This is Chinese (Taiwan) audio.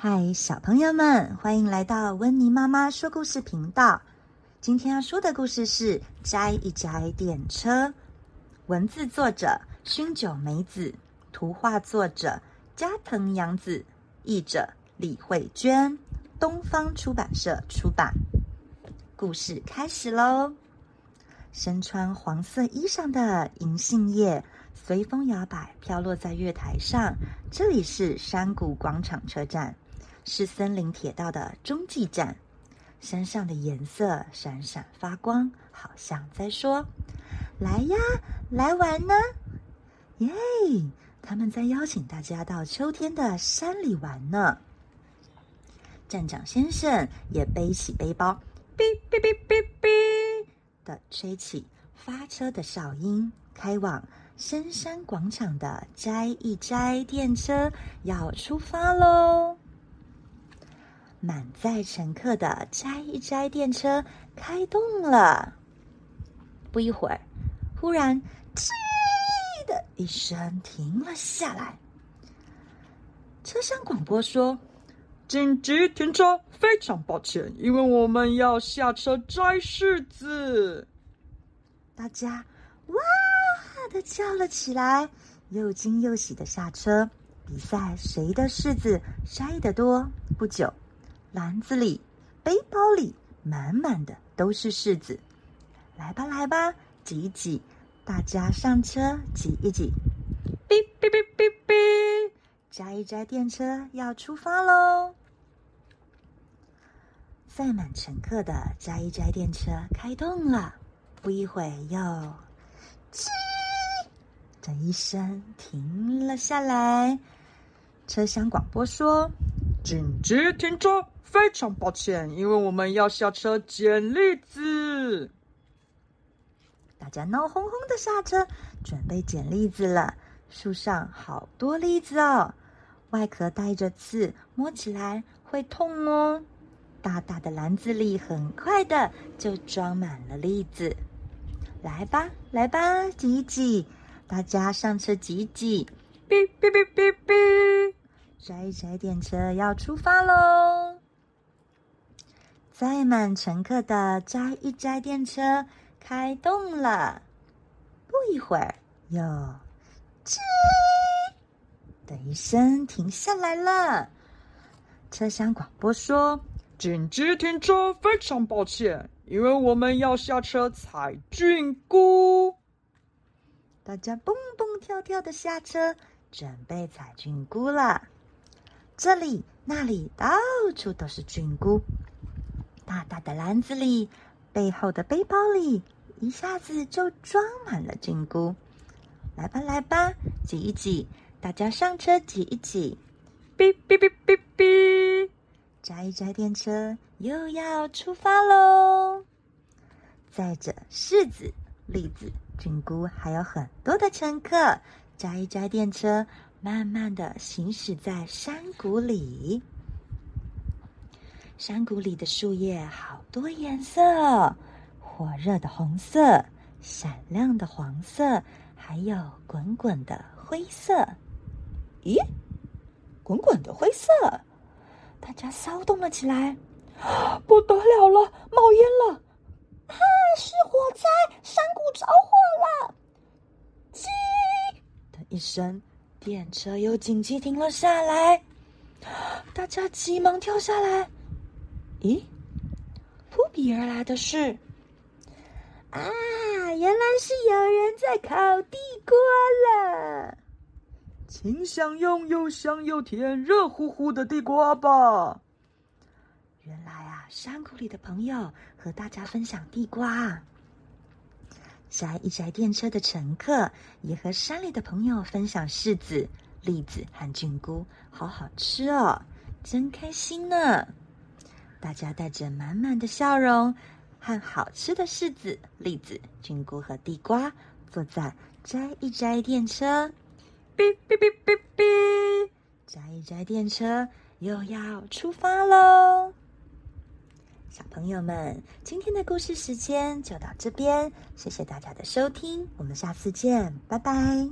嗨，Hi, 小朋友們，歡迎來到溫妮媽媽說故事頻道。今天要說的故事是《摘一摘電車》，文字作者薰久美子，圖畫作者加藤陽子，譯者李慧娟，東方出版社出版。故事開始嘍！身穿黃色衣裳的銀杏葉隨風搖擺，飄落在月台上。這裡是山谷廣場車站。是森林鐵道的中繼站，山上的顏色閃閃發光，好像在說：“來呀，來玩呢！”耶、yeah，他們在邀請大家到秋天的山裡玩呢。站長先生也背起背包，嗶嗶嗶嗶嗶的吹起發車的哨音，開往深山廣場的摘一摘電車要出發嘍。滿載乘客的摘一摘電車開動了。不一會兒，忽然“吱”的一聲停了下來。車廂廣播說：“緊急停車，非常抱歉，因為我們要下車摘柿子。”大家“哇”的叫了起來，又驚又喜的下車，比賽誰的柿子摘得多。不久，籃子裡、背包裡滿滿的都是柿子。來吧來吧，擠一擠，大家上車擠一擠。嗶嗶嗶嗶嗶，摘一摘電車要出發嘍！載滿乘客的摘一摘電車開動了，不一會兒又「嘰」的一聲停了下來。車廂廣播說。緊急停車！非常抱歉，因為我們要下車撿栗子。大家鬧哄哄的下車，準備撿栗子了。樹上好多栗子哦，外殼帶着刺，摸起來會痛哦。大大的籃子裡很快的就裝滿了栗子。來吧，來吧，擠一擠！大家上車擠一擠。嗶嗶嗶嗶嗶摘一摘電車要出發嘍！載滿乘客的摘一摘電車開動了。不一會兒，喲，吱！的一聲停下來了。車廂廣播說：“緊急停車，非常抱歉，因為我們要下車採菌菇。”大家蹦蹦跳跳的下車，準備採菌菇啦！這裡、那裡，到處都是菌菇。大大的籃子裡，背後的背包裡，一下子就裝滿了菌菇。來吧，來吧，擠一擠，大家上車擠一擠。嗶嗶嗶嗶嗶，摘一摘，電車又要出發嘍。載着柿子、栗子、菌菇，還有很多的乘客。摘一摘電車慢慢的行駛在山谷裡。山谷裡的樹葉好多顏色，火熱的紅色，閃亮的黃色，還有滾滾的灰色。咦，滾滾的灰色，大家騷動了起來，不得了了，冒煙了！聲，電車又緊急停了下來，大家急忙跳下來。咦，撲鼻而來的是啊，原來是有人在烤地瓜了。請享用又香又甜、熱乎乎的地瓜吧。原來啊，山谷裡的朋友和大家分享地瓜。摘一摘電車的乘客也和山裡的朋友分享柿子、栗子和菌菇，好好吃哦，真開心呢！大家帶着滿滿的笑容和好吃的柿子、栗子、菌菇和地瓜，坐在摘一摘電車，嗶嗶嗶嗶嗶，摘一摘電車又要出發嘍。朋友們，今天的故事時間就到這邊，謝謝大家的收聽，我們下次見，拜拜。